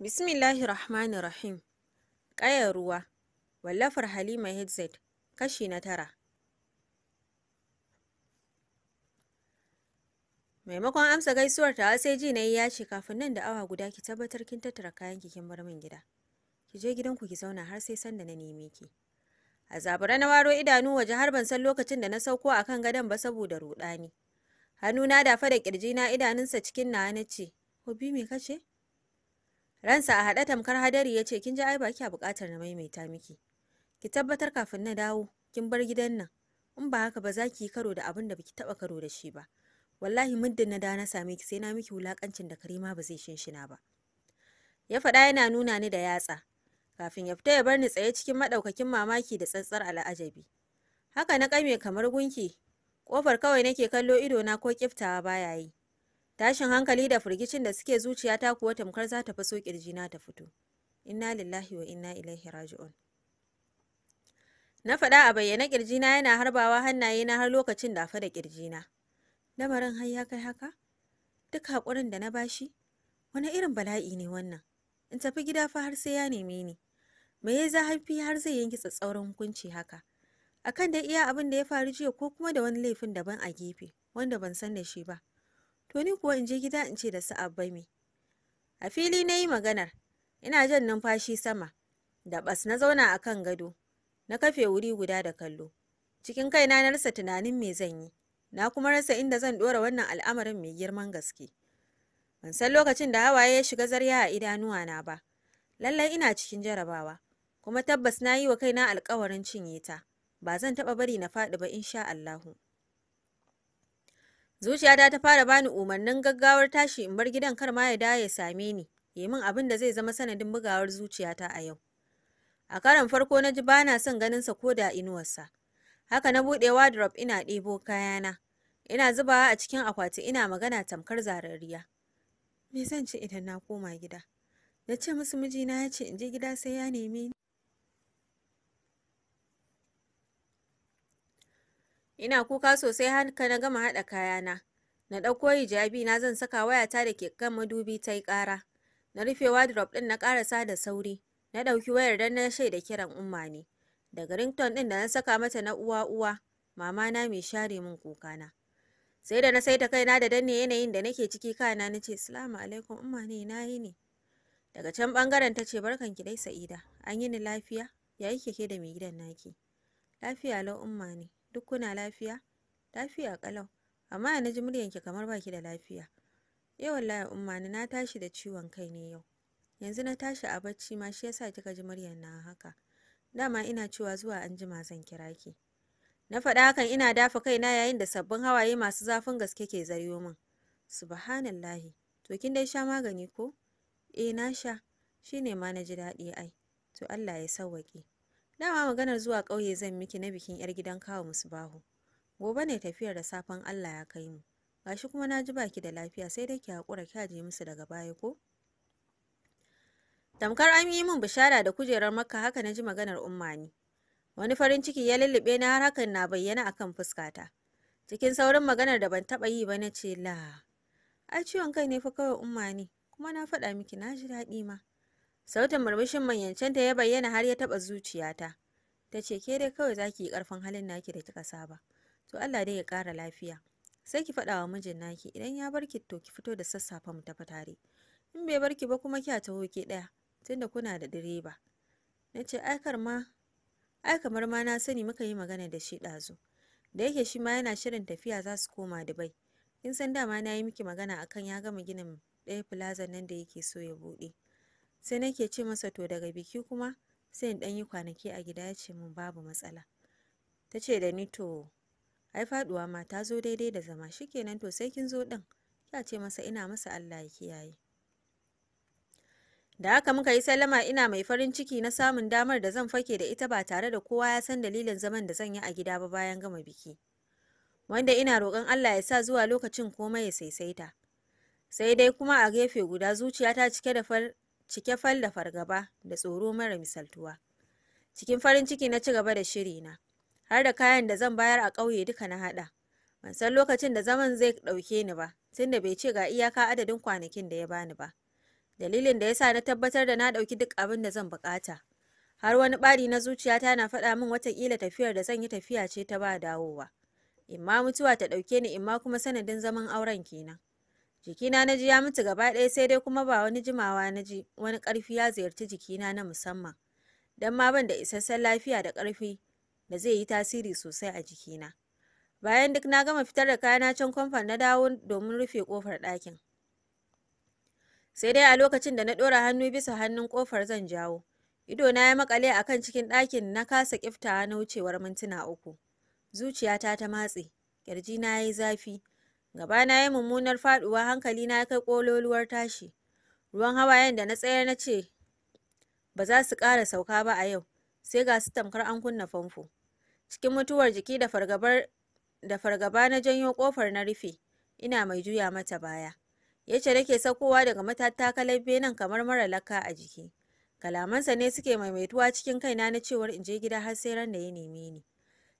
Bismillahi Rahmanir Rahim. Ƙayar ruwa. Wallafar Halima Hitzat. Kashi na tara. Maimakon amsa gaisuwar ta sai ji nayi ya ce kafin nan da awa guda ki tabbatar kin tattara kayan ki kin bar min gida. Ki je gidanku ki zauna har sai sanda na neme ki. A zabura na waro idanu waje har ban san lokacin da na sauko a kan gadon ba saboda ruɗani. Hannuna dafa da kirji na idanunsa cikin na na ce, "Hobi me kace?" ransa a haɗe tamkar hadari ya ce kin ji ai ba a buƙatar na maimaita miki ki tabbatar kafin na dawo kin bar gidan nan in ba haka ba za ki yi karo da abin da baki taɓa karo da shi ba wallahi muddin na da na same ki sai na miki wulakancin da karima ba zai shinshina ba ya faɗa yana nuna ni da yatsa kafin ya fita ya bar ni tsaye cikin maɗaukakin mamaki da tsantsar al'ajabi haka na ƙame kamar gunki ƙofar kawai nake kallo idona ko ƙiftawa baya yi tashin hankali da firgicin da suke zuciya ta kuwa tamkar za ta faso na ta fito inna lillahi wa inna ilaihi raji'un na faɗa a bayyana kirji na yana harbawa hannaye na har lokacin da fa da na. lamarin har ya kai haka duk haƙurin da na bashi wani irin bala'i ne wannan in tafi gida fa har sai ya neme ni me ya haifi har zai yanki tsatsauran hukunci haka akan da iya abin da ya faru jiya ko kuma da wani laifin daban a gefe wanda ban san da shi ba to ni kuwa in je gida in ce da su abba mi. a fili na yi maganar ina jan numfashi sama da bas na zauna a kan gado na kafe wuri guda da kallo cikin kaina na rasa tunanin me zan yi na kuma rasa inda zan ɗora wannan al'amarin mai girman gaske ban san lokacin da hawaye ya shiga zarya a idanuwa na ba lallai ina cikin jarabawa kuma tabbas na yi wa kaina alkawarin cinye ta ba zan taɓa bari na faɗi ba insha Allahu Zuciyata ta fara bani umarnin gaggawar tashi in bar gidan kar ma ya dawo ya same ni, yi min abin da zai zama sanadin bugawar zuciyata a yau. A karon farko na ji bana son son ganinsa ko da inuwarsa. Haka na buɗe wardrobe ina ɗebo kayana. Ina zubawa a cikin akwati ina magana tamkar zarariya. Me zan ci idan na koma gida? Na ce musu mijina ya ce in je gida sai ya neme ni. Ina kuka sosai har ka na gama haɗa kayana. Na ɗauko hijabi na zan saka wayata da ke kan madubi ta yi ƙara. Na rufe wardrobe ɗin na ƙarasa da sauri. Na ɗauki wayar dan na shaida kiran umma ne. Daga rington ɗin da na saka mata na uwa uwa, mama na mai share min na. Sai da na saita kaina da danne yanayin da nake ciki kana na ce, Salamu alaikum umma ne na yi ne. Daga can ɓangaren ta ce, Barkan ki dai Sa'ida, an yi ni lafiya, ya yi keke da mai gidan naki. Lafiya lau umma ne. duk kuna lafiya lafiya kalau amma na ji muryanki kamar baki da lafiya e wallahi umma na tashi da ciwon kai ne yau yanzu na tashi a bacci ma shi yasa kika ji muryan na haka dama ina cewa zuwa anjima zan kira ki na faɗa hakan ina dafa kaina yayin da sabbin hawaye masu zafin gaske ke zaryo min subhanallahi to kin dai sha magani ko eh na sha shine ma na ji daɗi ai to Allah ya sawwaƙe dama maganar zuwa ƙauye zan miki na bikin 'yar gidan kawu bahu. gobe ne tafiyar da safen allah ya kai mu gashi kuma na ji baki da lafiya sai dai ki haƙura ki je musu daga baya ko tamkar an yi min bishara da kujerar makka haka na ji maganar umma ni wani farin ciki ya lullube ni har hakan na bayyana akan fuskata cikin saurin maganar da ban taɓa yi ba na ce la ai ciwon kai ne fa kawai umma ni kuma na faɗa miki na ji daɗi ma Sautin murmushin ta ya bayyana har ya taɓa zuciyata. Ta ce, ke dai kawai za ki yi karfin halin naki da kika saba. To Allah dai ya kara lafiya. Sai ki faɗa wa mijin naki idan ya bar ki to ki fito da sassafa mu tafi tare. In bai bar ki ba kuma kya taho ki ɗaya tunda kuna da direba. Na ce, ai ma ai kamar ma na sani muka yi magana da shi ɗazu. Da yake shi ma yana shirin tafiya za su koma Dubai. Kin san dama na yi miki magana akan ya gama ginin ɗaya plaza nan da yake so ya buɗe. sai nake ce masa to daga biki kuma sai in ɗan kwanaki a gida ya ce min babu matsala ta ce da ni to ai faɗuwa ma ta zo daidai da zama shi kenan to sai kin zo ɗin ya ce masa ina masa Allah ya kiyaye da haka muka yi sallama ina mai farin ciki na samun damar da zan fake da ita ba tare da kowa ya san dalilin zaman da zan yi a gida ba bayan gama biki wanda ina roƙon Allah ya sa zuwa lokacin komai ya saisaita sai dai kuma a gefe guda zuciya ta cike da cike fal da fargaba da tsoro mara misaltuwa cikin farin ciki na ci gaba da shiri na har da kayan da zan bayar a ƙauye duka na haɗa ban san lokacin da zaman zai ɗauke ni ba tunda bai ce ga iyaka adadin kwanakin da ya bani ba dalilin da ya sa na tabbatar da na ɗauki duk abin da zan buƙata har wani ɓari na zuciyata na faɗa min watakila tafiyar da zan yi tafiya ce ta ba dawowa imma mutuwa ta ɗauke ni imma kuma sanadin zaman auren kenan jikina na ji ya mutu gaba ɗaya sai dai kuma ba wani jimawa na ji wani ƙarfi ya ziyarci jikina na musamman don ma ban da isasshen lafiya da ƙarfi da zai yi tasiri sosai a jikina bayan duk na gama fitar da kayana can kwamfan na dawo domin rufe kofar ɗakin sai dai a lokacin da na ɗora hannu bisa hannun kofar zan jawo ido na ya makale a kan cikin ɗakin na kasa ƙiftawa na wucewar mintuna uku zuciyata ta matse ƙirjina ya yi zafi gabana ya mummunar faduwa hankali na ya kai kololuwar tashi ruwan hawayen da na tsayar na ce ba za su ƙara sauka ba a yau sai ga su tamkar an kunna famfo cikin mutuwar jiki da fargabar fargaba na janyo kofar na rufe ina mai juya mata baya ya ce nake saukowa daga matattakalar benin kamar mara laka a jiki kalamansa ne suke maimaituwa cikin kaina na cewar in je gida har sai ran da ya neme ni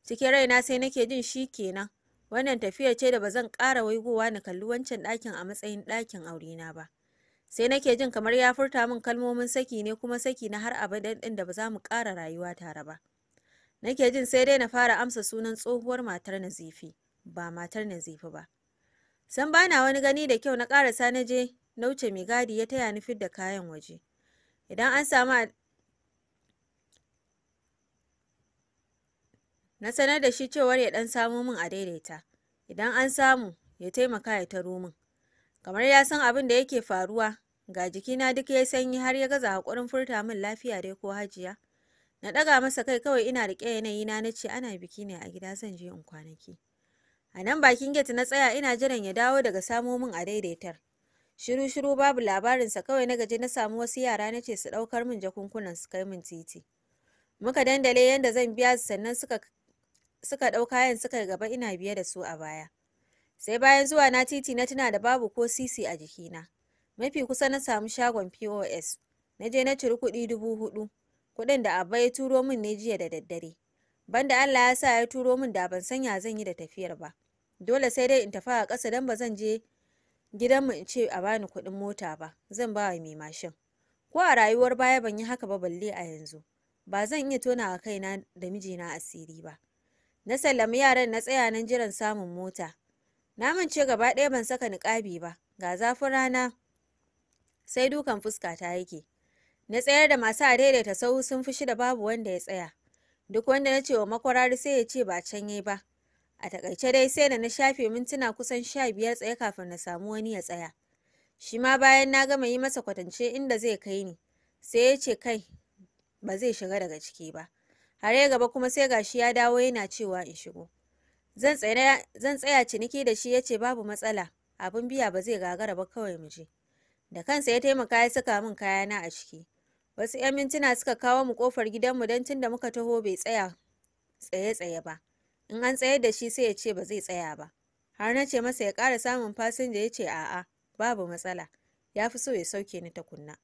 cikin raina sai nake jin shi kenan Wannan tafiya ce da ba zan ƙara waigowa na kalli wancan ɗakin a matsayin ɗakin aure na ba. Sai nake jin kamar ya furta min kalmomin saki ne kuma saki na har abadan ɗin da ba za mu ƙara rayuwa tare ba. Nake jin sai dai na fara amsa sunan tsohuwar matar Nazifi, ba matar Nazifi ba. San bana wani gani da kyau na ƙarasa na je na wuce mai gadi ya taya ni fidda kayan waje. Idan an samu na sanar da shi cewar ya ɗan samo min a daidaita idan an samu ya taimaka ya taro min kamar ya san abin da yake faruwa ga jikina duk ya sanyi har ya gaza hakurin furta min lafiya dai ko hajiya na ɗaga masa kai kawai ina riƙe yanayi na nace ana biki ne a gida zan je in kwanaki a nan bakin gate na tsaya ina jiran ya dawo daga samo min a daidaitar shiru shiru babu labarinsa kawai na gaji na samu wasu yara na ce su ɗaukar min jakunkunan su kai min titi muka dandale yadda zan biya su sannan suka suka ɗau kayan suka gaba ina biye da su a baya sai bayan zuwa na titi na tuna da babu ko sisi a jikina mafi kusa na samu shagon pos na je na ciri kuɗi dubu hudu kuɗin da abba ya turo min ne jiya da daddare banda allah ya sa ya turo min da ban san ya zan yi da tafiyar ba dole sai dai in tafi a ƙasa don ba zan je mu in ce a bani kuɗin mota ba zan ba wa mai mashin ko a rayuwar baya ban yi haka ba balle a yanzu ba zan iya tonawa kaina da mijina asiri ba na sallami yaran na tsaya nan jiran samun mota na mance gaba ɗaya ban saka niƙabi ba ga zafin rana sai dukan fuska ta yake na tsayar da masu adaidaita sahu sun fi shida babu wanda ya tsaya duk wanda na ce wa makwarari sai ya ce ba can yi ba a takaice dai sai da na shafe mintuna kusan sha biyar tsaye kafin na samu wani ya tsaya shi ma bayan na gama yi masa kwatance inda zai kai ni sai ya ce kai ba zai shiga daga ciki ba hare gaba kuma sai gashi ya dawo yana cewa in shigo zan tsaya ciniki da shi ya ce babu matsala abin biya ba zai gagara ba kawai mu je da kansa ya taimaka ya saka min kayana a ciki wasu 'yan mintuna suka kawo mu kofar gidanmu don tun da muka taho bai tsaya tsaye-tsaye ba in an tsayar da shi sai ya ce ba zai tsaya ba har na ce masa ya ƙara samun fasinja ya ce a'a babu matsala ya fi so ya sauke ni kunna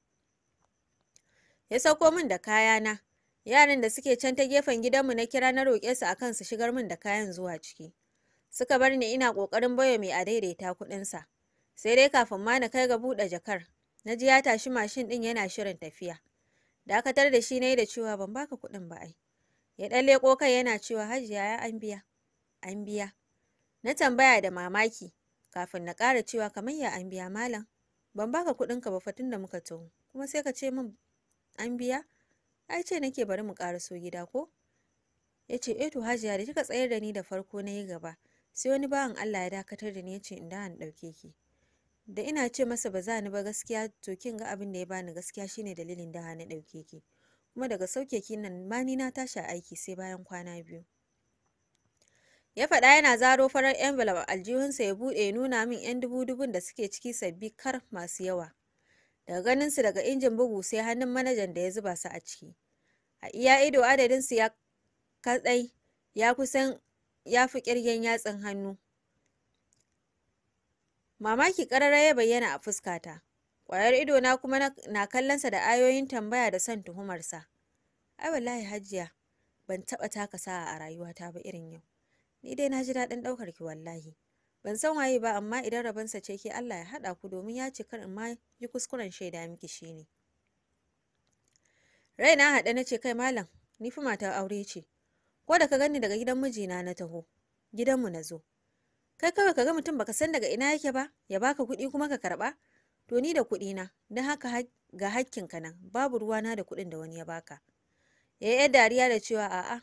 ya sauko min da kayana yaran da suke can ta gefen gidanmu na kira na roƙe su akan su shigar min da kayan zuwa ciki suka bar ni ina ƙoƙarin baiwa mai a daidaita kuɗinsa sai dai kafin ma na kai ga buɗe jakar na ji ya tashi mashin ɗin yana shirin tafiya dakatar da shi na yi da cewa ban baka kuɗin ba ai ya ɗan leƙo kai yana cewa hajiya ya an biya an biya na tambaya da mamaki kafin na ƙara cewa kamar ya an biya malam ban baka kuɗinka ba fatun da muka taho kuma sai ka ce min an biya ai ce nake bari mu so gida ko ya ce eh hajiya da kika tsayar da ni da farko na yi gaba sai wani bawan Allah ya dakatar da ni ya ce in da ɗauke ki da ina ce masa ba za ni ba gaskiya to kin ga abin da ya bani gaskiya shine dalilin da na ɗauke ki kuma daga sauke ki nan ma ni na tashi aiki sai bayan kwana biyu ya faɗa yana zaro farar envelope aljihunsa ya buɗe ya nuna min 'yan dubu-dubun da suke ciki sabbi kar masu yawa daga ganinsu daga injin bugu sai hannun manajan da ya zuba su a ciki a iya ido adadinsu ya kadai ya kusan ya fi kirgen yatsin hannu mamaki karara ya bayyana a fuskata Kwayar ido na kuma na kallonsa da ayoyin tambaya da son tuhumarsa ai wallahi hajiya ban taɓa taka sa'a a rayuwata ba irin yau ni dai na ji daɗin ɗaukar ki wallahi ban san waye ba amma idan rabansa ce ke Allah ya haɗa ku domin ya ce kar in ma yi kuskuren shaida miki shine raina hada na ce kai malam ni fi mata aure ce ko da ka gani daga gidan mijina na taho gidanmu na zo kai kawai ka ga mutum baka san daga ina yake ba ya baka kuɗi kuma ka karba to ni da kuɗi na don haka ga ka nan babu ruwa na da kuɗin da wani ya baka ya yi dariya da cewa a'a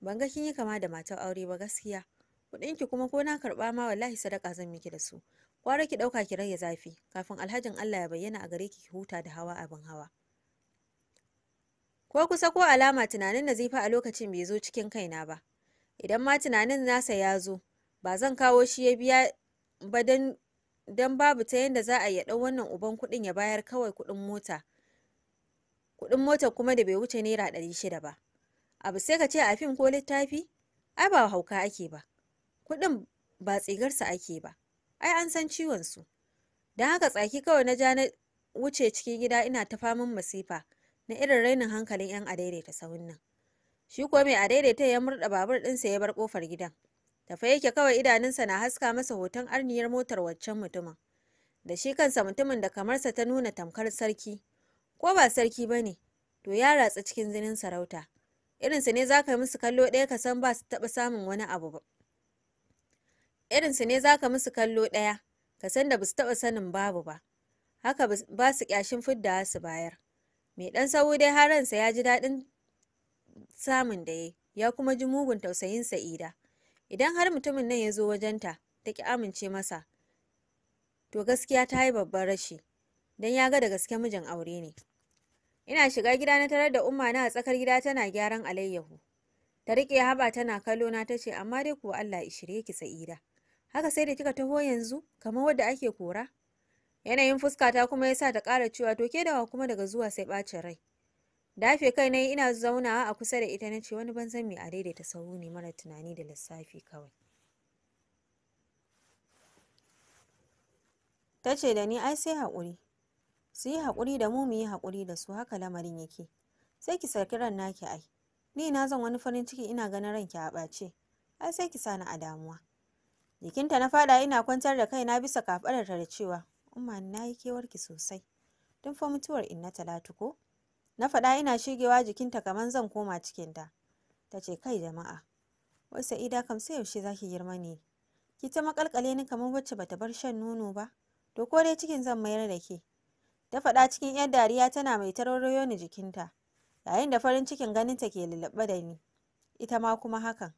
ban ga kin yi kama da matar aure ba gaskiya kuɗin ki kuma ko na karɓa ma wallahi sadaka zan miki da su kwara ki ɗauka ki rage zafi kafin alhajin Allah ya bayyana a gare ki ki huta da hawa abin hawa ko kusa ko alama tunanin nazifa a lokacin bai zo cikin kaina ba idan ma tunanin nasa ya zo ba zan kawo shi ya biya ba dan don babu ta yadda za a ya ɗau wannan uban kuɗin ya bayar kawai kuɗin mota kuɗin mota kuma da bai wuce naira ɗari shida ba abu sai ka ce a fim ko littafi ai ba hauka ake ba kuɗin ba tsigarsa ake ba ai an san ciwon su don haka tsaki kawai na ja na wuce cikin gida ina ta faman masifa na irin rainin hankalin yan adaidaita sahun nan shi kuwa mai adaidaita ya murda babur ɗinsa ya bar kofar gidan tafa yake kawai idanunsa na haska masa hoton arniyar motar waccan mutumin da shi kansa mutumin da kamarsa ta nuna tamkar sarki ko ba sarki ba ne to ya ratsa cikin zinin sarauta irinsu ne za ka yi musu kallo ɗaya ka san ba su taɓa samun wani abu ba. irinsu ne za ka musu kallo ɗaya ka san da basu taɓa sanin babu ba haka ba su ƙyashin fidda su bayar mai ɗan sauro dai haransa ya ji daɗin samun da ya ya kuma ji mugun tausayin sa'ida idan har mutumin nan ya zo wajenta ta ki amince masa to gaskiya ta yi babban rashi don ya ga da gaske mijin aure ne ina shiga gida na tarar da umma na a tsakar gida tana gyaran alayyahu ta riƙe haba tana kallo na ce amma dai kuwa Allah ishire shirye ki sa'ida haka sai da kika taho yanzu kamar wadda ake kora yanayin fuska ta kuma ya sa ta ƙara cewa to ke dawa kuma daga zuwa sai ɓacin rai dafe kai na ina zaunawa a kusa da ita na ce wani banzan mai a daidaita sauro ne mara tunani da lissafi kawai ta ce da ni ai sai haƙuri su yi haƙuri da mu mu yi haƙuri da su haka lamarin yake sai ki saki ran naki ai ni na zan wani farin ciki ina ganin ranki a ɓace ai sai ki sani a damuwa jikinta na fada ina kwantar da kai na bisa kafararta da cewa umma na yi kewarki sosai tun fa mutuwar inna talatu ko na faɗa ina shigewa jikinta kamar zan koma cikinta ta ce kai jama'a wai sa'ida kam sai yaushe zaki girma ne ki ta makalkale ni kamar wacce bata bar shan nono ba to ko dai cikin zan mayar da ke ta faɗa cikin yar dariya tana mai tarorayo ni jikinta yayin da farin cikin ganinta ke lulluɓe da ni ita ma kuma hakan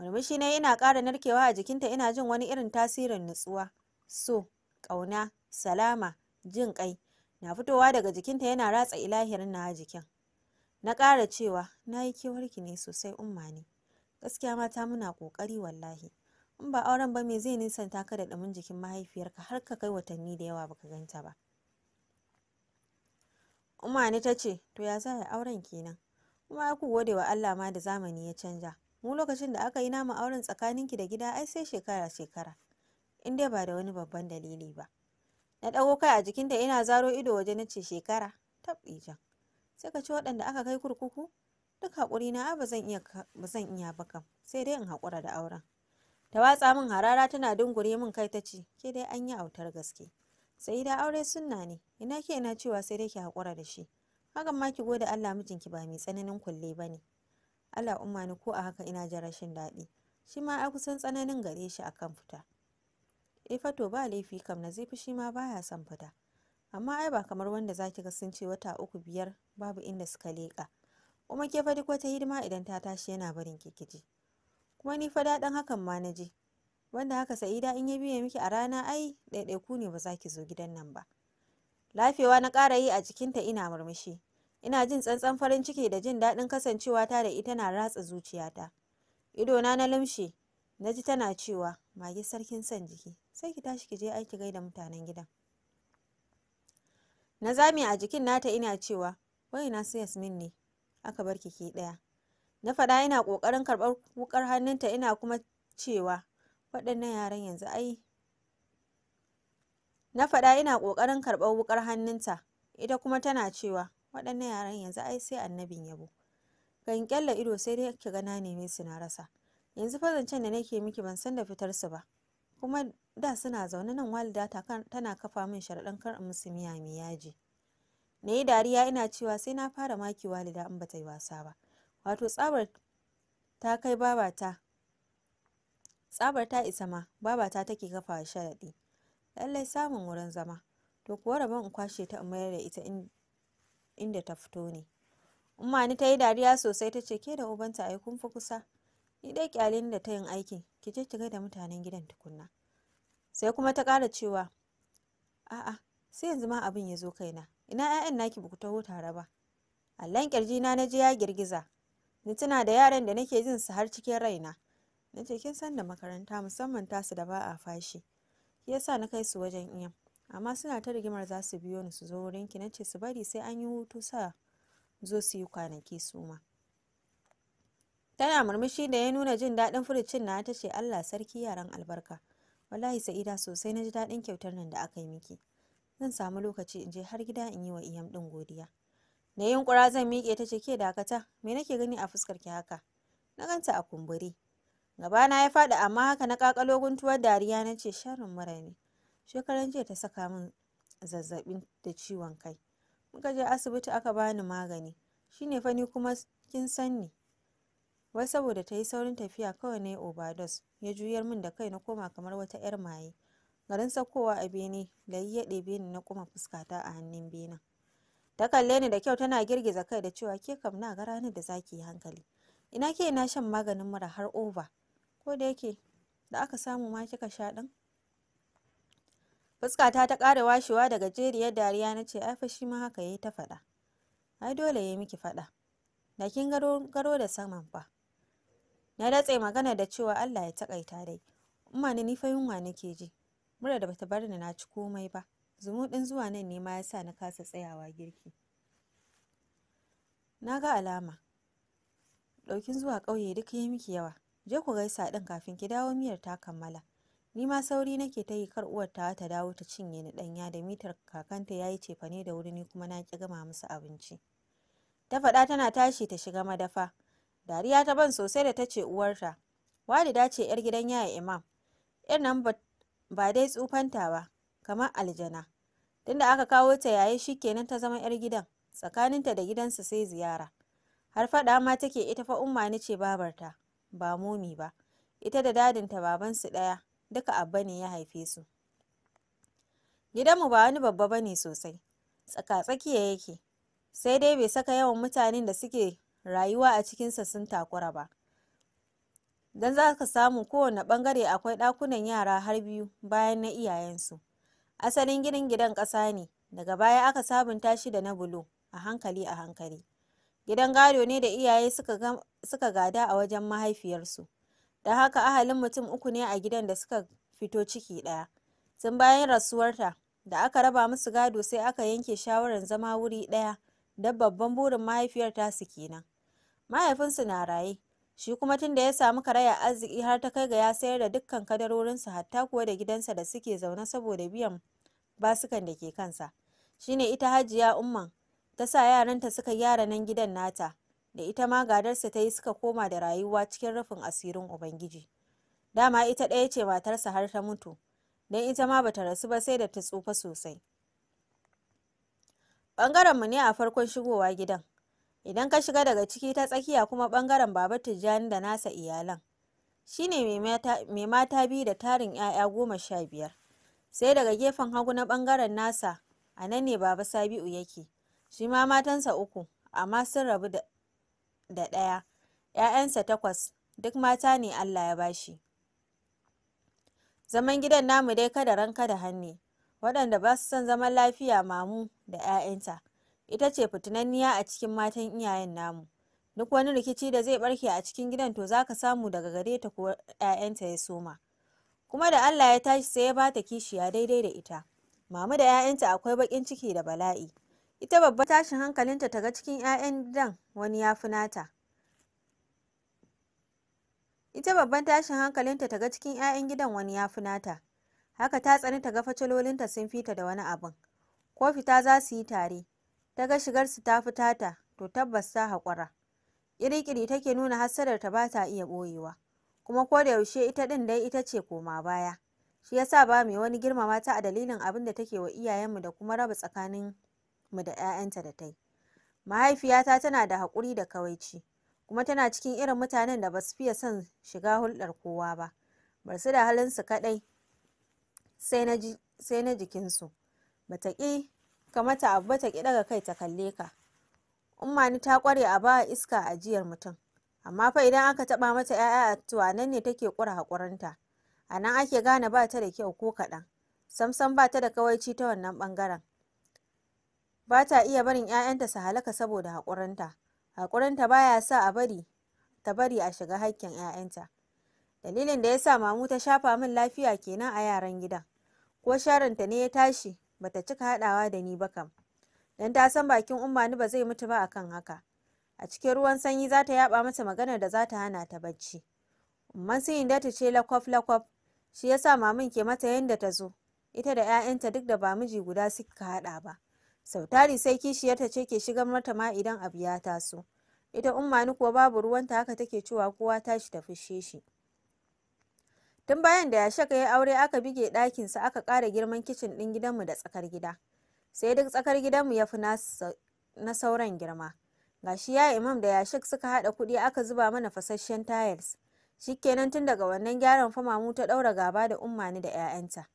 murmushi ne yana ƙara narkewa a jikinta ina jin wani irin tasirin nutsuwa so ƙauna salama jin ƙai na fitowa daga jikinta yana ratsa ilahirin na jikin na ƙara cewa na yi kewarki ne sosai umma ne gaskiya mata muna ƙoƙari wallahi in ba auren ba me zai nisanta ka da ɗumin jikin mahaifiyarka har ka kai watanni da yawa baka ganta ba umma ne ta ce to ya za auren kenan kuma ya ku da wa Allah ma da zamani ya canja mu lokacin da aka yi namu auren tsakaninki da gida ai sai shekara shekara in dai ba da wani babban dalili ba na ɗago kai a jikinta ina zaro ido waje na ce shekara tab'i ijan sai ka ci waɗanda aka kai kurkuku duk haƙuri na ba zan iya ba iya ba kam sai dai in haƙura da auren ta watsa min harara tana dungure min kai ta ce ke dai an yi autar gaske sai da aure sunna ne ina ke ina cewa sai dai ki haƙura da shi hakan ma ki gode Allah mijinki ba mai tsananin kulle ba ne Allah umma ko a haka ina jin rashin daɗi shi ma ai kusan tsananin gare shi akan fita e eh fato ba laifi kam na nazifi shi ma baya son fita amma ai ba kamar wanda zaki ga sun ce wata uku biyar babu inda suka leƙa kuma ke fa duk wata hidima idan ta tashi yana barin kikiji kuma ni fa daɗin hakan ma na je wanda haka sa'ida in ya biye miki a rana ai ɗaiɗaiku ne ba za ki zo gidan nan ba lafewa na ƙara yi a jikinta ina murmushi ina jin tsantsan farin ciki da jin daɗin kasancewa ta da ita na ratsa zuciyata idona na lumshe na ji tana cewa mage sarkin san jiki sai ki tashi ki je aiki da mutanen gidan na zami a jikin nata ina cewa wai na su yasmin ne aka bar ki ɗaya na faɗa ina ƙoƙarin karɓar wukar hannunta ina kuma cewa waɗannan yaran yanzu ai na faɗa ina ƙoƙarin karɓar wukar hannunta ita kuma tana cewa waɗannan yaran yanzu ai sai annabin yabo kan kyalla ido sai dai ki ga na neme su na rasa yanzu fa zancen da nake miki ban san da fitar su ba kuma da suna zaune nan walida tana kafa min sharaɗan kar in musu miya mai yaji na yi dariya ina cewa sai na fara maki walida in bata yi wasa ba wato tsabar ta kai babata tsabar ta isa ma babata take kafa sharaɗi lallai samun wurin zama to kuwa rabon in kwashe ta in mayar da ita inda ta fito ne ummani ta yi dariya sosai ta ce ke da ubanta ai kun fi kusa ni dai kyalin da ta yin aikin ki je ki da mutanen gidan tukunna sai kuma ta kara cewa a'a sai yanzu ma abin ya zo kaina ina 'ya'yan naki baku taho tare ba allan kirji na na ji ya girgiza ni tuna da yaran da nake jin su har cikin raina na ce kin san da makaranta musamman tasu da ba a fashi shi yasa na kai su wajen iyan amma suna ta rigimar za su biyo ni su zo wurin na ce su bari sai an yi hutu sa zo su yi kwanaki su ma tana murmushi da ya nuna jin daɗin furucin na ta ce allah sarki yaran albarka wallahi sa'ida sosai na ji daɗin kyautar nan da aka yi miki zan samu lokaci in je har gida in yi wa iyam ɗin godiya da yunkura zan miƙe ta ce ke dakata me nake gani a fuskar ki haka na ganta a kumburi gabana ya faɗi amma haka na ƙaƙalo guntuwar dariya na ce sharrin mura ne shekaran jiya ta saka min zazzaɓi da ciwon kai muka je asibiti aka bani magani shine fa ni kuma kin san wai saboda ta yi saurin tafiya kawai na yi ya juyar min da kai na koma kamar wata 'yar maye garin saukowa a bene layi ya ɗebe ni na kuma fuskata a hannun benen ta kalle ni da kyau tana girgiza kai da cewa ke kam na ga ranar da zaki yi hankali ina ke na shan maganin mura har over ko da yake da aka samu ma kika sha ɗan fuskata ta ƙara washewa da gajeriyar dariya na ce ai fa shi ma haka yayi ta faɗa ai dole yayi miki faɗa da kin garo da saman fa na datse magana da cewa Allah ya takaita dai umma ni fa yunwa nake ji mura da bata bar ni na ci komai ba zumuɗin zuwa nan ne ma yasa na kasa tsayawa girki na ga alama ɗaukin zuwa ƙauye duk ya miki yawa je ku gaisa ɗin kafin ki dawo miyar ta kammala Ni ma sauri nake ta yi kar uwar ta ta dawo ta cinye ni ɗanya da mitar kakanta yayi yi cefane da wuri ni kuma na ƙi gama musu abinci. Ta faɗa tana tashi ta shiga madafa. Dariya ta ban sosai da ta ce uwarta. Walida ce 'yar gidan yaya Imam. 'Yar nan ba dai tsufanta ba, kamar aljana. Tunda aka kawo ta yayi shikenan ta zama 'yar gidan. Tsakaninta da gidansu sai ziyara. Har faɗa ma take ita fa umma ni ce babarta, ba momi ba. Ita da dadinta babansu ɗaya. duka abba ne ya haife su gidanmu ba wani babba ba ne sosai tsaka-tsakiya yake sai dai bai saka yawan mutanen da suke rayuwa a cikinsa sun takura ba don za ka samu kowane ɓangare akwai ɗakunan yara har biyu bayan na iyayensu asalin ginin gidan ƙasa ne daga baya aka sabunta shi da na bulo a hankali a hankali gidan gado ne da iyaye suka gada a wajen mahaifiyarsu da haka ahalin mutum uku ne a gidan da suka fito ciki ɗaya tun bayan rasuwarta da aka raba musu gado sai aka yanke shawarar zama wuri ɗaya da babban burin mahaifiyar tasu kenan mahaifinsu na raye shi kuma tun da ya samu karaya arziki har ta kai ga ya sayar da dukkan kadarorinsu hatta kuwa da gidansa da suke zaune saboda biyan basukan da ke kansa shine ita hajiya umman ta sa yaranta suka gyara nan gidan nata da ita ma gadarsa ta yi suka koma da rayuwa cikin rufin asirin ubangiji dama ita ɗaya ce matarsa har ta mutu don ita ma ba ta rasu ba sai da ta tsufa sosai mu ne a farkon shigowa gidan idan ka shiga daga ciki ta tsakiya kuma ɓangaren baba tijjani da nasa iyalan Shi ne mai mata biyu da tarin 'ya'ya goma sha biyar sai daga gefen hagu na ɓangaren nasa a nan ne baba sabi'u yake shi ma matansa uku amma sun rabu da da ɗaya, ‘ya'yansa takwas, duk mata ne Allah ya bashi. Zaman gidan namu dai kada ranka da hanne, waɗanda ba su son zaman lafiya mamu da ‘ya'yanta, ita ce fitinanniya a cikin matan iyayen namu. Duk wani rikici da zai barke a cikin gidan to za ka samu daga gare ta ko ‘ya'yanta ya soma. Kuma da Allah ya tashi sai ya ba ta kishiya daidai da ita. Mamu da ‘ya'yanta akwai baƙin ciki da bala'i. ita babba tashin hankalinta ta ga cikin 'ya'yan dan wani ya fi nata ita babban tashin hankalinta ta ga cikin 'ya'yan gidan wani ya fi nata haka ta tsani ta ga fatalolinta sun fita da wani abin ko fita za su yi tare ta ga shigar su ta fi tata to tabbas ta haƙura ƙiriƙiri take nuna hassadar ta ba ta iya ɓoyewa kuma ko da yaushe ita ɗin dai ita ce koma baya shi yasa ba mai wani girmama ta a dalilin abin da take wa iyayenmu da kuma raba tsakanin mu da 'ya'yanta da ta yi mahaifiyata tana da haƙuri da kawaici kuma tana cikin irin mutanen da ba su fiye son shiga hulɗar kowa ba bar su da su kaɗai sai na jikinsu ta ƙi kamata abu ba ta ƙi daga kai ta kalle ka ummani ta ƙware a ba iska ajiyar mutum amma fa idan aka taɓa mata 'ya'ya a tuwa nan ne take ƙura haƙurinta a nan ake gane ba ta da kyau ko kaɗan samsam ba ta da kawaici ta wannan ɓangaren ba ta iya barin 'ya'yanta su halaka saboda haƙurinta haƙurinta ba ya sa a bari ta bari a shiga haƙƙin 'ya'yanta dalilin da ya sa mamu ta shafa min lafiya kenan a yaran gida ko sharinta ne ya tashi ba ta cika haɗawa da ni ba kam dan ta san bakin umma ba zai mutu ba akan haka a cikin ruwan sanyi za ta yaba mata maganar da za ta hana ta bacci umman sun ta ce lakwaf lakwaf shi ya sa Mamun ke mata yadda ta zo ita da 'ya'yanta duk da ba miji guda suka haɗa ba sau tari sai kishiyarta ce ke shigar mata ma idan abu ya taso ita umma ni kuwa babu ruwanta haka take cewa kowa tashi ta fushe shi tun bayan da ya shaka ya aure aka bige ɗakinsa aka ƙara girman kicin ɗin gidanmu da tsakar gida sai duk tsakar gidanmu ya fi na sauran girma gashi ya imam da yashak suka haɗa kuɗi aka zuba mana fasasshen tiles shikenan tun daga wannan gyaran fama mu ta ɗaura gaba da ummani da 'ya'yanta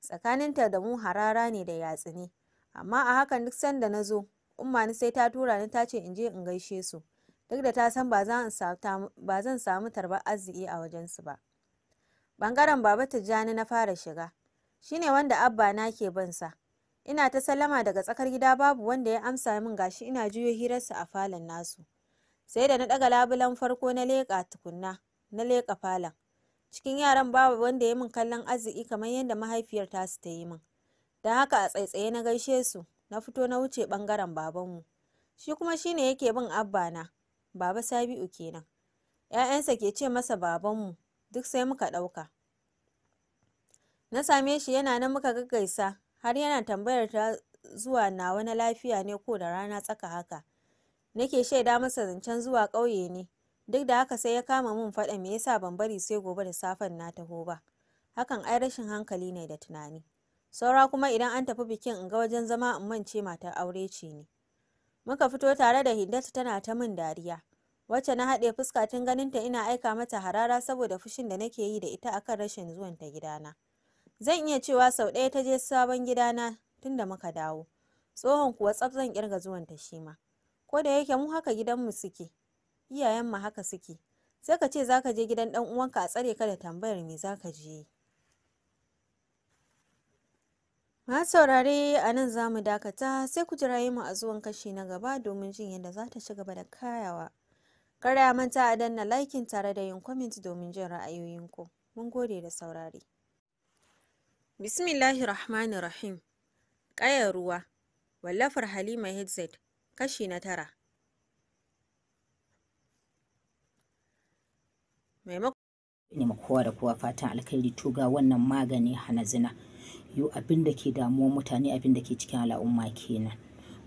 tsakaninta da mu harara ne da ne amma a hakan duk sanda na zo umma ni sai ta tura ni ta ce in je in gaishe su duk da ta san ba zan samu tarbar arziki a wajensu ba bangaren baba tijjani na fara shiga shine wanda abba na ke bansa ina ta sallama daga tsakar gida babu wanda ya amsa min gashi ina juyo hirarsa a falon nasu sai da na daga labulan farko na leƙa tukunna na leƙa falon cikin yaran babu wanda ya min kallon arziki kamar yadda mahaifiyar su ta yi min don haka a tsaitsaye na gaishe su na fito na wuce ɓangaren babanmu shi kuma shine yake bin abba na baba sabi'u kenan ‘ya'yansa ke ce masa babanmu duk sai muka ɗauka na same shi yana nan muka gaggaisa har yana tambayar ta zuwa nawa na lafiya ne ko da rana tsaka haka nake shaida masa zancen zuwa ƙauye ne duk da haka sai ya kama mun faɗa me yasa ban bari sai gobe da safen na taho ba hakan ai rashin hankali ne da tunani saura kuma idan an tafi bikin in ga wajen zama in mance matar aure ce ni muka fito tare da hiddatu tana ta min dariya wacce na haɗe fuska tun ganin ta ina aika mata harara saboda fushin da nake yi da ita akan rashin zuwanta gidana zan iya cewa sau ɗaya ta je sabon gidana tun da muka dawo tsohon kuwa tsaf zan kirga zuwanta shi ma ko da yake mu haka gidanmu suke iyayenmu haka suke sai ka ce za ka je gidan ɗan uwanka a tsare ka da tambayar me za ka je ma saurare a nan za mu dakata sai ku jira mu a zuwan kashi na gaba domin jin yadda za ta ci gaba da kayawa ya manta a danna likin tare da yin comment domin jin ra'ayoyinku mun gode da saurare bismillahir rahmanir rahim ƙayar ruwa wallafar halima headset kashi na tara maimakon kowa da kowa fatan alkhairi to ga wannan magani hana zina yo abin da ke damuwa mutane abin da ke cikin al'umma kenan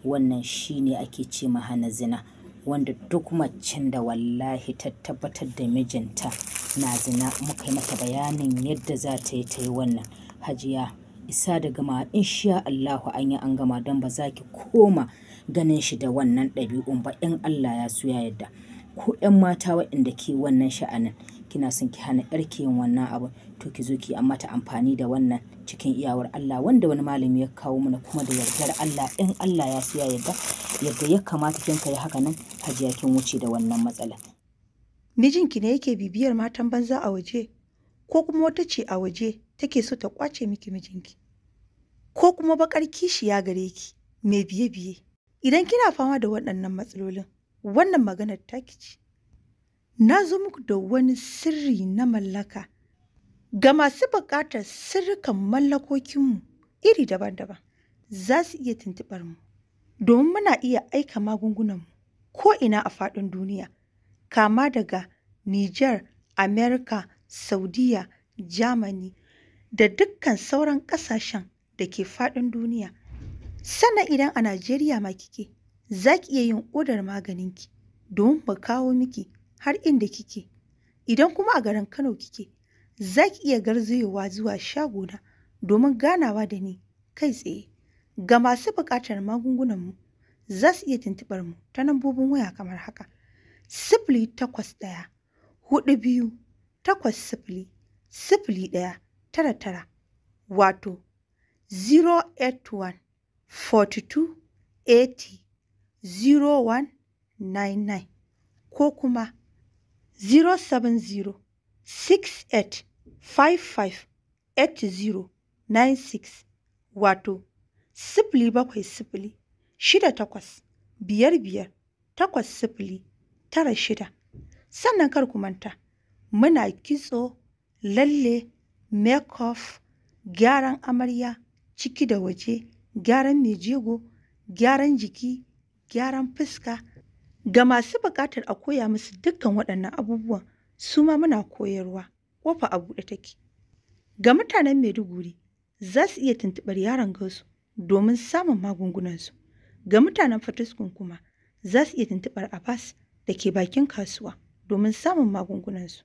wannan shine ake ce ma hana zina wanda duk macen da wallahi ta tabbatar da mijinta na zina muka yi mata bayanin yadda za ta yi ta yi wannan hajiya isa da gama in sha Allahu an yi an gama don ba za ki koma ganin shi da wannan ɗabi'un ba in Allah ya so ya yadda ko 'yan mata waɗanda ke wannan sha'anin kina son ki hana 'yarki yin wannan abu to ki zo ki amma ta amfani da wannan cikin iyawar Allah wanda wani malami ya kawo mana kuma da yardar Allah in Allah ya siya yarda yadda ya kamata kin kai haka nan hajiya kin wuce da wannan matsala mijinki ne yake bibiyar matan banza a waje ko kuma wata ce a waje take so ta kwace miki mijinki ko kuma bakar kishiya gare ki mai biye-biye idan kina fama da waɗannan matsalolin wannan maganar ki ce na zo muku da wani sirri na mallaka Ga masu buƙatar sirrikan mallakokinmu iri daban-daban, za su iya tuntuɓar mu domin muna iya aika magungunanmu ina a faɗin duniya, kama daga Nijar, Amerika, saudiya Jamani da dukkan sauran ƙasashen da ke faɗin duniya. Sannan idan a Najeriya ma kike, za ki iya yin odar maganinki domin mu kawo miki har inda kike. Idan kuma a garin Kano kike, za ki iya garzayowa zuwa shagona domin ganawa da ni kai tsaye. Ga masu buƙatar magungunanmu za su iya tuntuɓar mu ta lambobin waya kamar haka. Sifili takwas ɗaya, hudu biyu, takwas sifili, sifili ɗaya, tara tara, wato 081 42 80 0199 ko kuma 070 68558096 wato, sifili bakwai sifili shida takwas biyar biyar takwas sifili tara shida, sannan kar ku manta muna kitso, lalle, mekof gyaran amarya, ciki da waje, gyaran mai jego, gyaran jiki, gyaran fuska. Ga masu buƙatar a koya musu dukkan waɗannan abubuwan. su ma muna koyarwa kofa a buɗe take ga mutanen maiduguri za su iya tuntuɓar yaron gasu domin samun magungunansu ga mutanen Fatiskun kuma za su iya tuntuɓar abbas da ke bakin kasuwa domin samun magungunansu